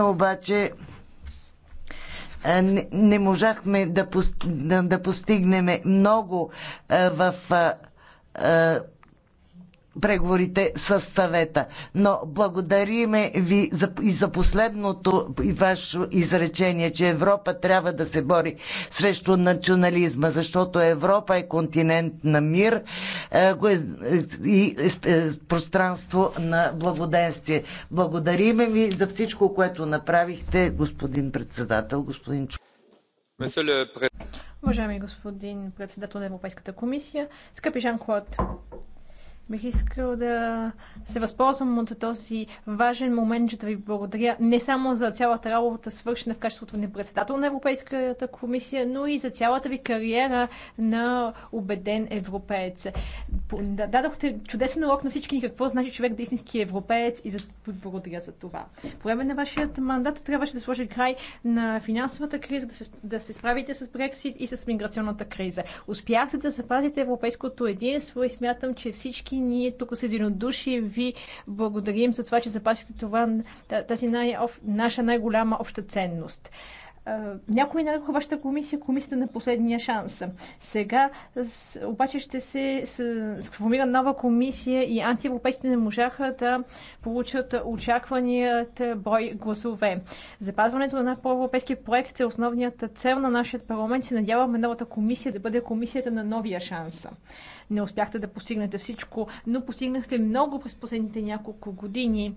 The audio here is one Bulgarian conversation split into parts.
обаче е, не, не можахме да, пост, да, да постигнем много е, в е, преговорите с съвета. Но благодариме ви за, и за последното и ваше изречение, че Европа трябва да се бори срещу национализма, защото Европа е континент на мир е, е, е и е, е, пространство на благоденствие. Благодариме ви за всичко, което направихте, господин председател, господин Чук. Уважаеми господин председател на Европейската комисия, скъпи Жан-Клод Бих искал да се възползвам от този важен момент, че да ви благодаря не само за цялата работа, свършена в качеството на председател на Европейската комисия, но и за цялата ви кариера на убеден европеец. Дадохте чудесен урок на всички ни какво значи човек да е истински европеец и за... ви благодаря за това. По време на вашият мандат трябваше да сложи край на финансовата криза, да се, да се справите с Брексит и с миграционната криза. Успяхте да запазите европейското единство и смятам, че всички и ние тук с единодушие ви благодарим за това, че запасите това, тази най- наша най-голяма обща ценност някои нарекоха вашата комисия комисията на последния шанс. Сега с, обаче ще се сформира нова комисия и антиевропейците не можаха да получат очакваният брой гласове. Запазването на по по-европейски проект е основният цел на нашия парламент. Се надяваме новата комисия да бъде комисията на новия шанс не успяхте да постигнете всичко, но постигнахте много през последните няколко години,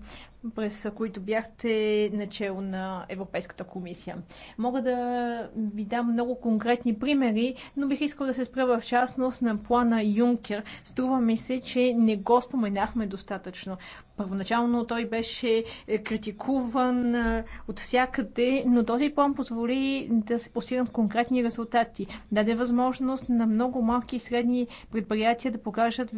през които бяхте начало на Европейската комисия. Мога да ви дам много конкретни примери, но бих искал да се спра в частност на плана Юнкер. Струва ми се, че не го споменахме достатъчно. Първоначално той беше е, критикуван е, от всякъде, но този план позволи да се постигнат конкретни резултати. Даде възможност на много малки и средни предприятия да покажат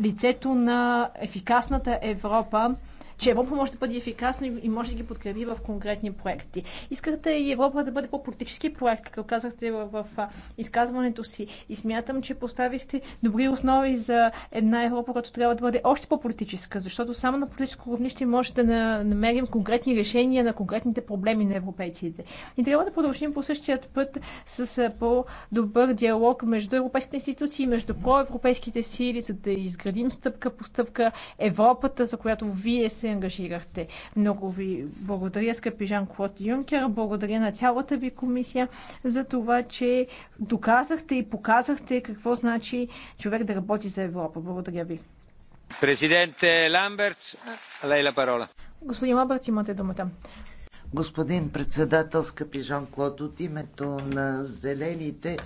лицето на ефикасната Европа че Европа може да бъде ефикасна и може да ги подкрепи в конкретни проекти. Искате и Европа да бъде по-политически проект, както казахте в, в, изказването си. И смятам, че поставихте добри основи за една Европа, която трябва да бъде още по-политическа, защото само на политическо равнище може да намерим конкретни решения на конкретните проблеми на европейците. И трябва да продължим по същия път с по-добър диалог между европейските институции, между проевропейските сили, за да изградим стъпка по стъпка Европата, за която вие се ангажирахте. Много ви благодаря, скъпи Жан-Клод Юнкер, благодаря на цялата ви комисия за това, че доказахте и показахте какво значи човек да работи за Европа. Благодаря ви. Президенте Ламберт, лей ла парола. Господин Ламберт, имате думата. Господин председател, скъпи Жан-Клод, от името на Зелените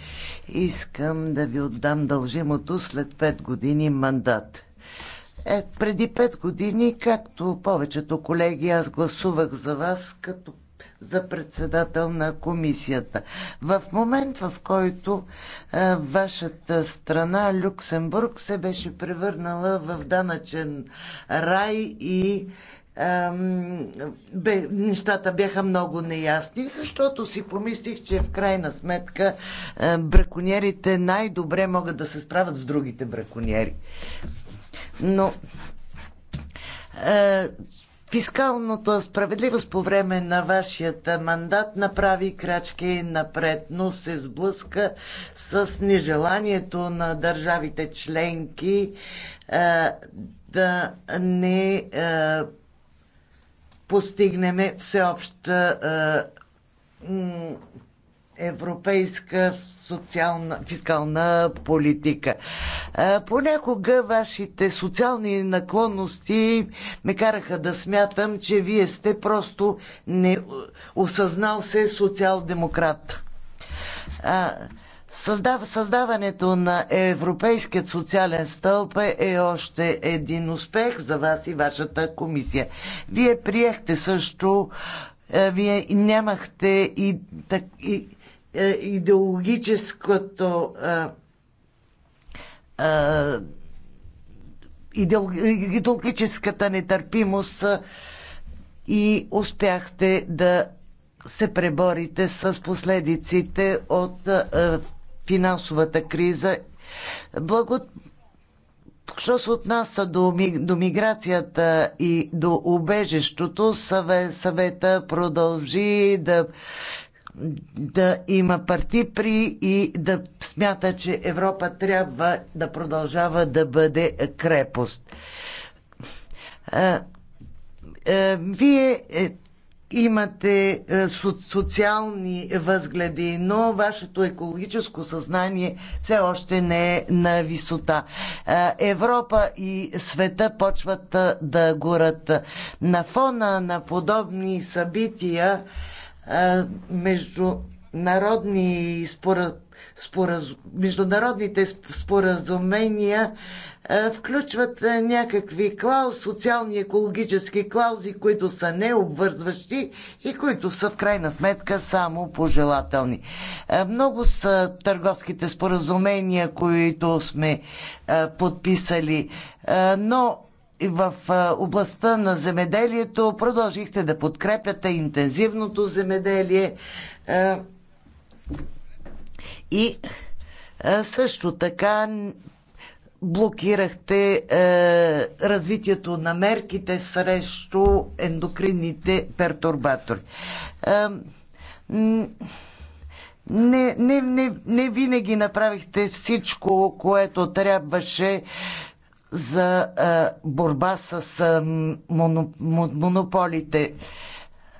искам да ви отдам дължимото след 5 години мандат. Е, преди пет години, както повечето колеги, аз гласувах за вас като за председател на комисията. В момент, в който е, вашата страна, Люксембург, се беше превърнала в данъчен рай и бе, нещата бяха много неясни, защото си помислих, че в крайна сметка е, браконьерите най-добре могат да се справят с другите браконьери но е, фискалната справедливост по време на вашия мандат направи крачки напред, но се сблъска с нежеланието на държавите членки е, да не е, постигнеме всеобща е, европейска социална, фискална политика. Понякога вашите социални наклонности ме караха да смятам, че вие сте просто не осъзнал се социал-демократ. Създав, създаването на Европейският социален стълб е, е още един успех за вас и вашата комисия. Вие приехте също, вие нямахте и, так, и е, идеологическото е, е, идеологическата нетърпимост и успяхте да се преборите с последиците от финансовата криза. Благо... Що се отнася до, до миграцията и до убежището, съвета продължи да да има партипри и да смята, че Европа трябва да продължава да бъде крепост. Вие е, имате е, социални възгледи, но вашето екологическо съзнание все още не е на висота. Европа и света почват да горат. На фона на подобни събития международни спора, спора, международните споразумения включват някакви клаус, социални и екологически клаузи, които са необвързващи и които са в крайна сметка само пожелателни. Много са търговските споразумения, които сме подписали, но в областта на земеделието продължихте да подкрепяте интензивното земеделие и също така блокирахте развитието на мерките срещу ендокринните пертурбатори. не, не, не, не винаги направихте всичко, което трябваше за борба с монополите.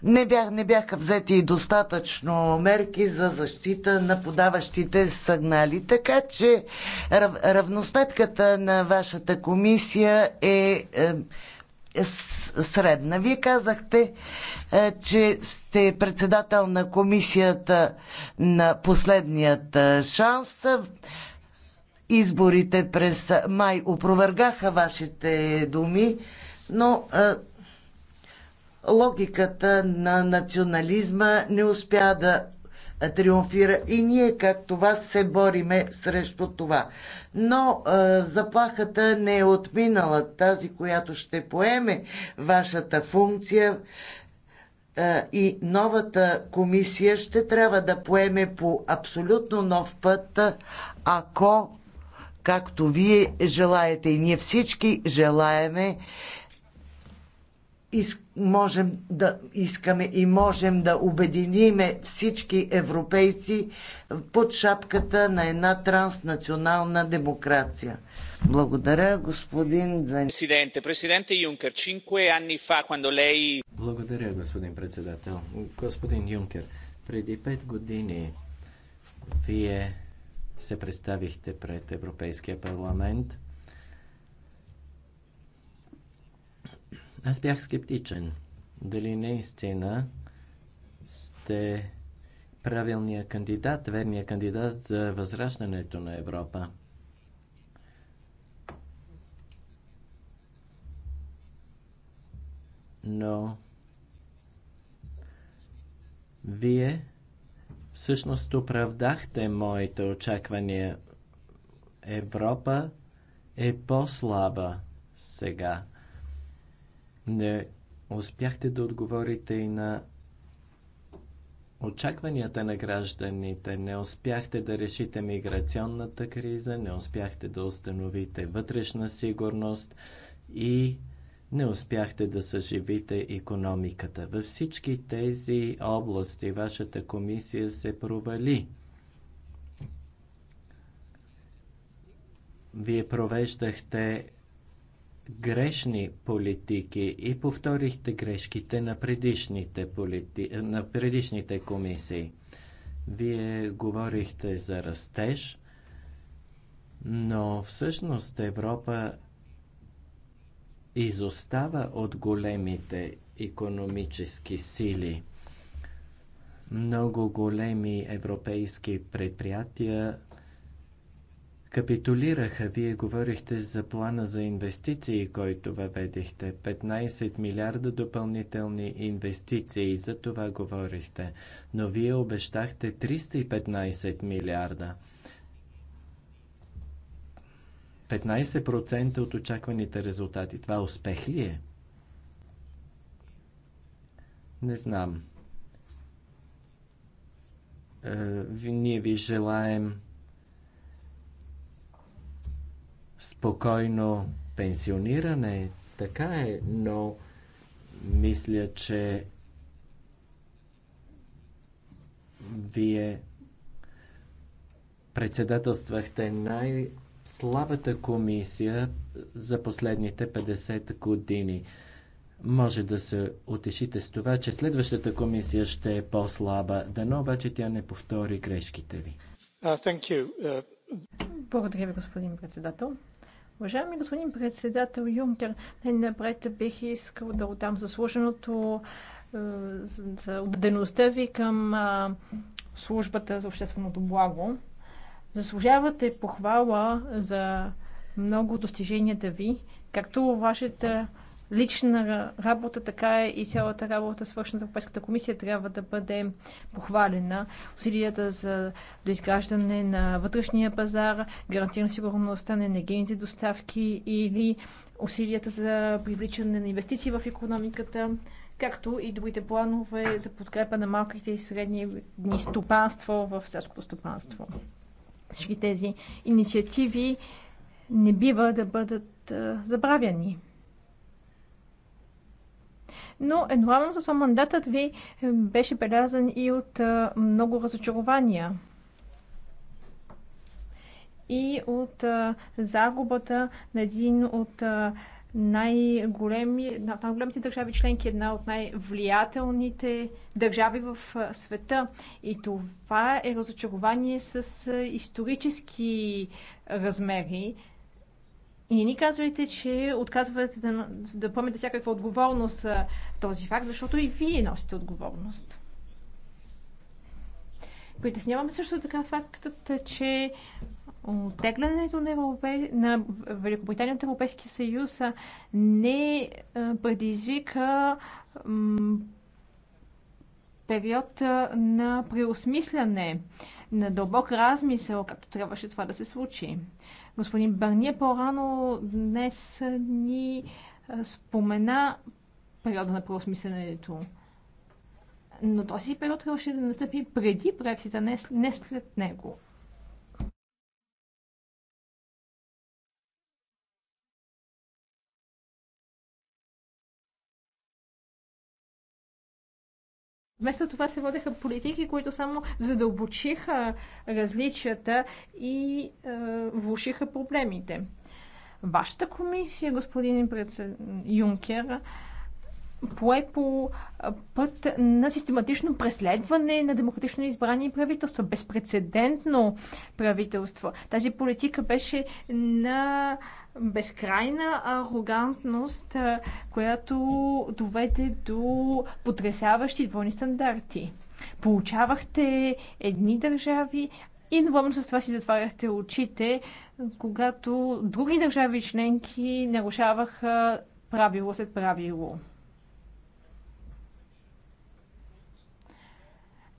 Не, бях, не бяха взети и достатъчно мерки за защита на подаващите сигнали. Така че рав, равносметката на вашата комисия е, е, е средна. Вие казахте, е, че сте председател на комисията на последният е, шанс изборите през май опровергаха вашите думи, но а, логиката на национализма не успя да триумфира и ние както вас се бориме срещу това. Но а, заплахата не е отминала тази, която ще поеме вашата функция а, и новата комисия ще трябва да поеме по абсолютно нов път, ако както вие желаете и ние всички желаеме можем да искаме и можем да обединиме всички европейци под шапката на една транснационална демокрация. Благодаря, господин Президенте, президенте Юнкер, 5 anni fa, quando lei... Благодаря, господин председател. Господин Юнкер, преди 5 години вие се представихте пред Европейския парламент. Аз бях скептичен. Дали наистина сте правилният кандидат, верният кандидат за възраждането на Европа? Но вие Всъщност оправдахте моите очаквания. Европа е по-слаба сега. Не успяхте да отговорите и на очакванията на гражданите. Не успяхте да решите миграционната криза, не успяхте да установите вътрешна сигурност и не успяхте да съживите економиката. Във всички тези области вашата комисия се провали. Вие провеждахте грешни политики и повторихте грешките на предишните, полити... на предишните комисии. Вие говорихте за растеж, но всъщност Европа изостава от големите економически сили. Много големи европейски предприятия капитулираха. Вие говорихте за плана за инвестиции, който въведехте. 15 милиарда допълнителни инвестиции, за това говорихте. Но вие обещахте 315 милиарда. 15% от очакваните резултати. Това успех ли е? Не знам. Е, ние ви желаем спокойно пенсиониране, така е, но мисля, че вие председателствахте най- слабата комисия за последните 50 години. Може да се утешите с това, че следващата комисия ще е по-слаба, дано обаче тя не повтори грешките ви. Uh, uh... Благодаря ви, господин председател. Уважаеми господин председател Юнкер, най-напред бих искал да отдам заслуженото е, за отдадеността ви към е, службата за общественото благо. Заслужавате похвала за много достиженията ви, както вашата лична работа, така и цялата работа, свършена от Европейската комисия, трябва да бъде похвалена. Усилията за доизграждане на вътрешния пазар, гарантиране сигурността на енергийните доставки или усилията за привличане на инвестиции в економиката, както и другите планове за подкрепа на малките и средни стопанства в селското стопанство. Всички тези инициативи не бива да бъдат забравяни. Но едновременно с мандатът ви е, беше белязан и от много разочарования и от загубата на един от най най-големите държави членки, една от най-влиятелните държави в света. И това е разочарование с исторически размери. И не ни казвайте, че отказвате да, да поемете всякаква отговорност за този факт, защото и вие носите отговорност. Притесняваме също така фактът, че Оттеглянето на, Европе... на Великобритания от Европейския съюз не предизвика период на преосмисляне, на дълбок размисъл, както трябваше това да се случи. Господин Бърния по-рано днес ни спомена периода на преосмисленето. Но този период трябваше да настъпи преди Брексита, не след него. Вместо това се водеха политики, които само задълбочиха различията и е, влушиха проблемите. Вашата комисия, господин председ... Юнкер, пое по е, път на систематично преследване на демократично избрани правителства. Безпредседентно правителство. Тази политика беше на безкрайна арогантност, която доведе до потрясаващи двойни стандарти. Получавахте едни държави и навън с това си затваряхте очите, когато други държави членки нарушаваха правило след правило.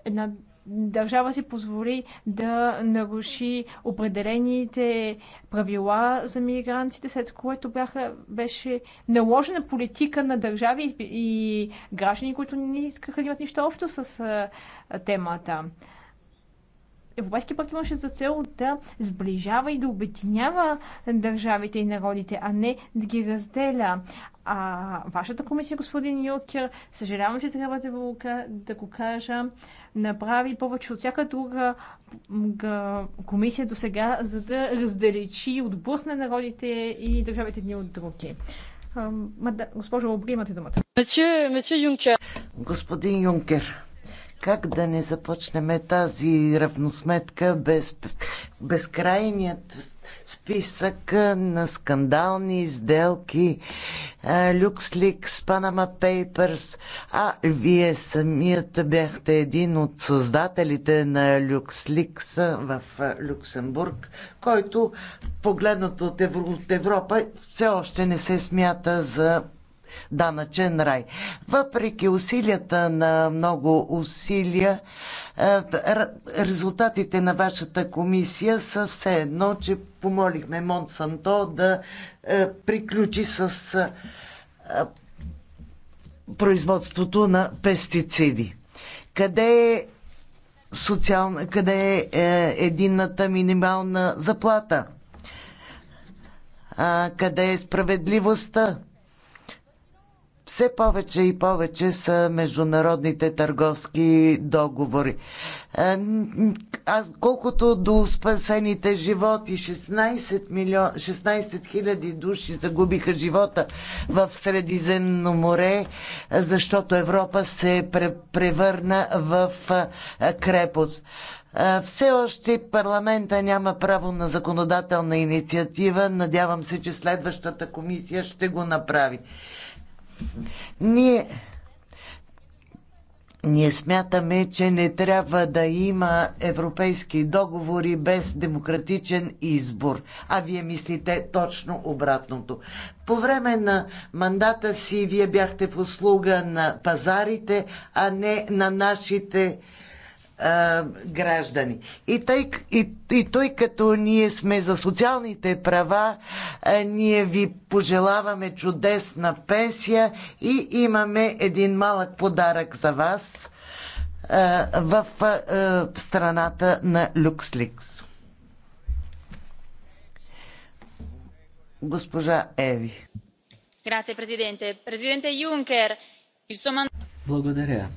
Една държава си позволи да наруши определените правила за мигрантите, след което бяха, беше наложена политика на държави и граждани, които не искаха да имат нищо общо с темата. Европейския пакт имаше за цел да сближава и да обединява държавите и народите, а не да ги разделя. А вашата комисия, господин Юкер, съжалявам, че трябва да го, да го кажа, направи повече от всяка друга комисия до сега, за да разделичи, отблъсне народите и държавите едни от други. Госпожо Обри, имате думата. Господин Юнкер. Как да не започнем тази равносметка без безкрайният списък на скандални изделки, LuxLeaks, Panama Papers, а вие самият бяхте един от създателите на LuxLeaks в Люксембург, който погледнато от Европа все още не се смята за данъчен рай. Въпреки усилията на много усилия, е, резултатите на вашата комисия са все едно, че помолихме Монсанто да е, приключи с е, производството на пестициди. Къде е социална, къде е единната минимална заплата? А, къде е справедливостта? все повече и повече са международните търговски договори. Е, аз колкото до спасените животи, 16 милион, 16 000 души загубиха живота в Средиземно море, защото Европа се превърна в е, крепост. Е, все още парламента няма право на законодателна инициатива. Надявам се, че следващата комисия ще го направи. Ние ние смятаме, че не трябва да има европейски договори без демократичен избор. А вие мислите точно обратното. По време на мандата си вие бяхте в услуга на пазарите, а не на нашите а, граждани. И, тъй, и, и той като ние сме за социалните права, а, ние ви пожелаваме чудесна пенсия и имаме един малък подарък за вас а, в а, страната на Люксликс. Госпожа Еви. Grazie Presidente. Presidente Juncker, il suo mandato... Благодаря.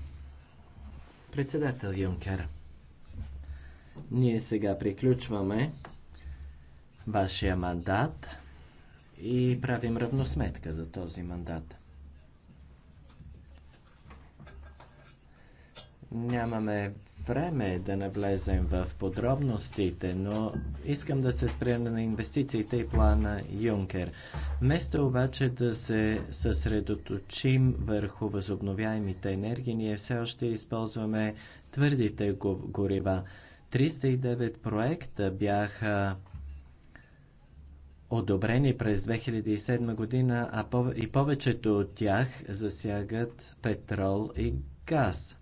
Председател Юнкер, ние сега приключваме вашия мандат и правим равносметка за този мандат. Нямаме Време е да навлезем в подробностите, но искам да се спрем на инвестициите и плана Юнкер. Вместо обаче да се съсредоточим върху възобновяемите енергии, ние все още използваме твърдите горива. 309 проекта бяха одобрени през 2007 година, а и повечето от тях засягат петрол и газ.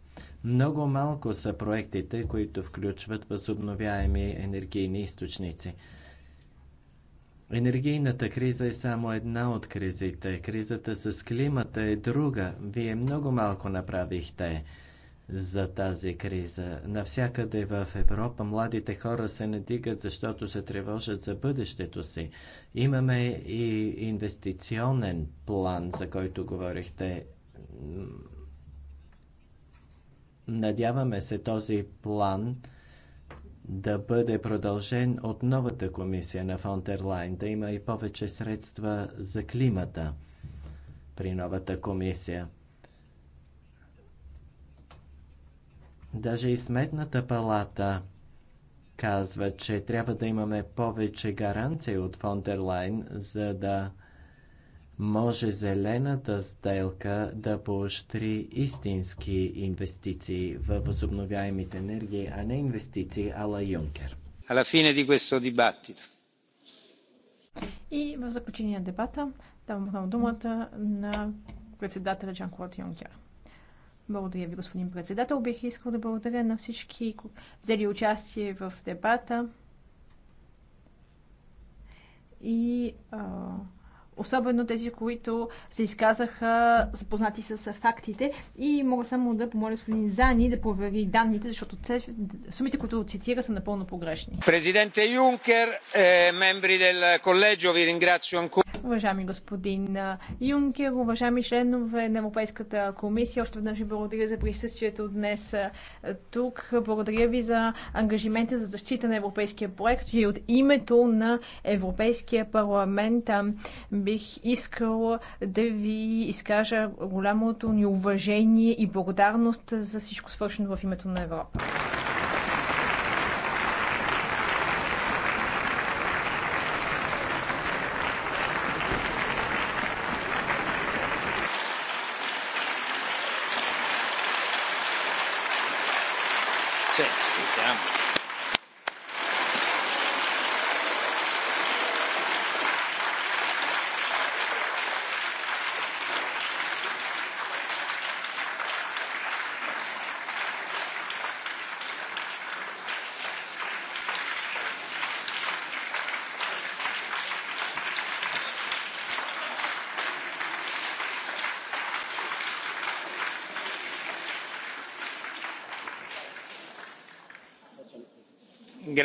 Много малко са проектите, които включват възобновяеми енергийни източници. Енергийната криза е само една от кризите. Кризата с климата е друга. Вие много малко направихте за тази криза. Навсякъде в Европа младите хора се надигат, защото се тревожат за бъдещето си. Имаме и инвестиционен план, за който говорихте. Надяваме се този план да бъде продължен от новата комисия на Фонтерлайн, да има и повече средства за климата при новата комисия. Даже и Сметната палата казва, че трябва да имаме повече гаранции от Фонтерлайн, за да може зелената сделка да поощри истински инвестиции в възобновяемите енергии, а не инвестиции ала Юнкер. Alla fine di questo dibattito. И в заключение на дебата давам отново думата на председателя Джан Клод Юнкер. Благодаря ви, господин председател. Бих искал да благодаря на всички взели участие в дебата и а, особено тези, които се изказаха запознати с фактите. И мога само да помоля господин Зани да провери данните, защото сумите, които цитира, са напълно погрешни. Президенте Юнкер, мембри дел колегио, ви ringrazio Уважаеми господин Юнкер, уважаеми членове на Европейската комисия, още веднъж ви благодаря за присъствието днес тук. Благодаря ви за ангажимента за защита на европейския проект и от името на Европейския парламент би бих искал да ви изкажа голямото ни уважение и благодарност за всичко свършено в името на Европа.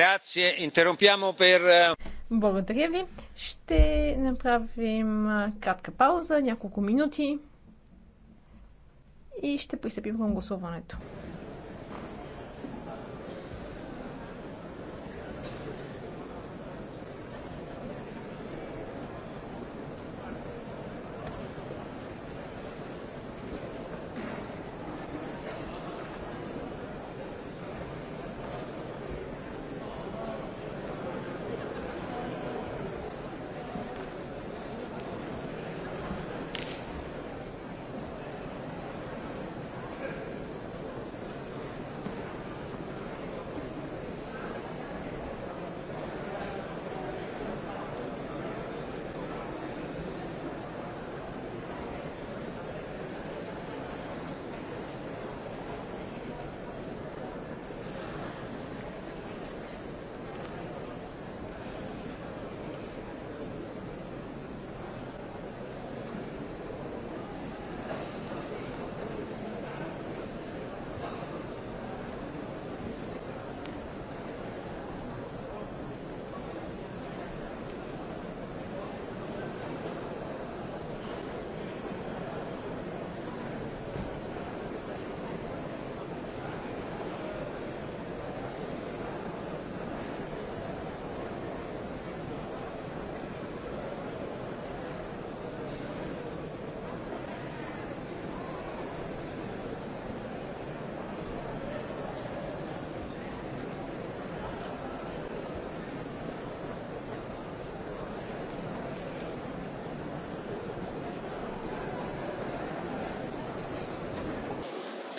Eh, Благодаря ви. Ще направим кратка пауза, няколко минути и ще пристъпим към гласуването.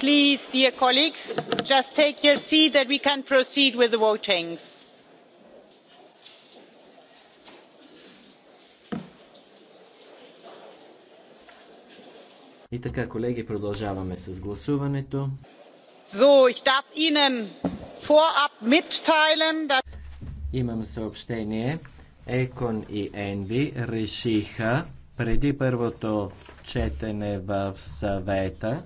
please dear colleagues just take your seat that we can proceed with the votings. И така, колеги, продължаваме с гласуването. So, ich darf Ihnen vorab mitteilen, dass... Имам съобщение. Екон и Енви решиха преди първото четене в съвета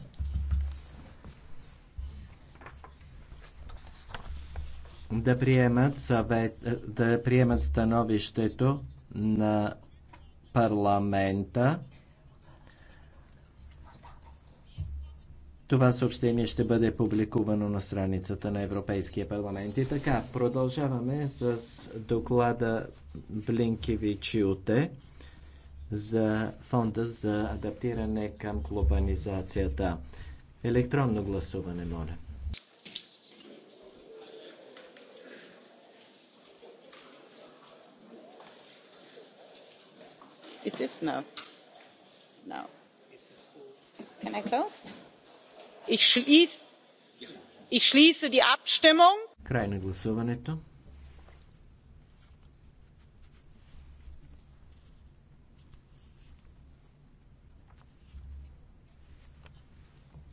да приемат, съвет, е, да приемат становището на парламента. Това съобщение ще бъде публикувано на страницата на Европейския парламент. И така, продължаваме с доклада Блинкевичиуте за фонда за адаптиране към глобализацията. Електронно гласуване, моля. Is this no? No. Can I close? Ich schließe, ich schließe die Abstimmung. Край на гласуването.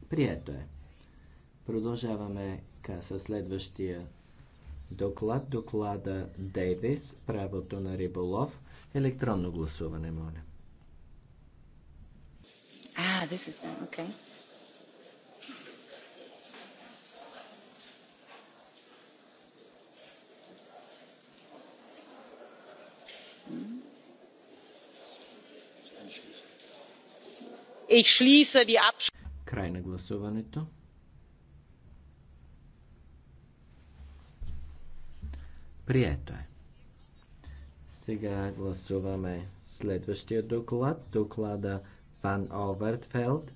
Прието е. Продължаваме с следващия доклад, доклада Дейвис, правото на риболов, електронно гласуване, моля. Ah, this is done. okay. Ich schließe die Abstimmung. Край на гласуването. Прието е. Сега гласуваме следващия доклад. Доклада Ван Овертфелд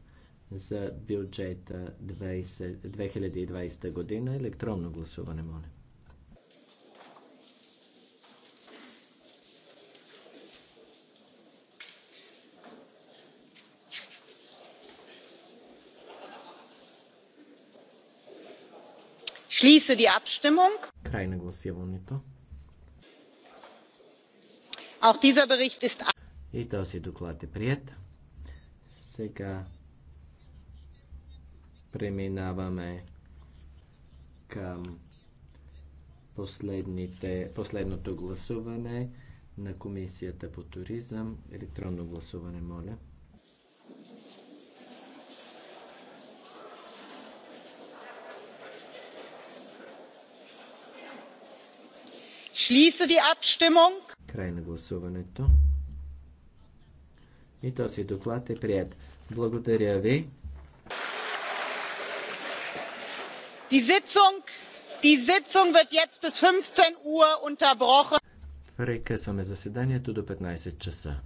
за бюджета 20, 2020 година. Електронно гласуване, моля. Schließe die Abstimmung. Край на гласуването. Auch dieser Bericht ist... И този доклад е прият. Сега преминаваме към последното гласуване на Комисията по туризъм. Електронно гласуване, моля. schließe die Abstimmung. Край на гласуването. И този доклад е прият. Благодаря ви. Die Sitzung, die Sitzung wird jetzt bis 15 Uhr unterbrochen. Прекъсваме заседанието до 15 часа.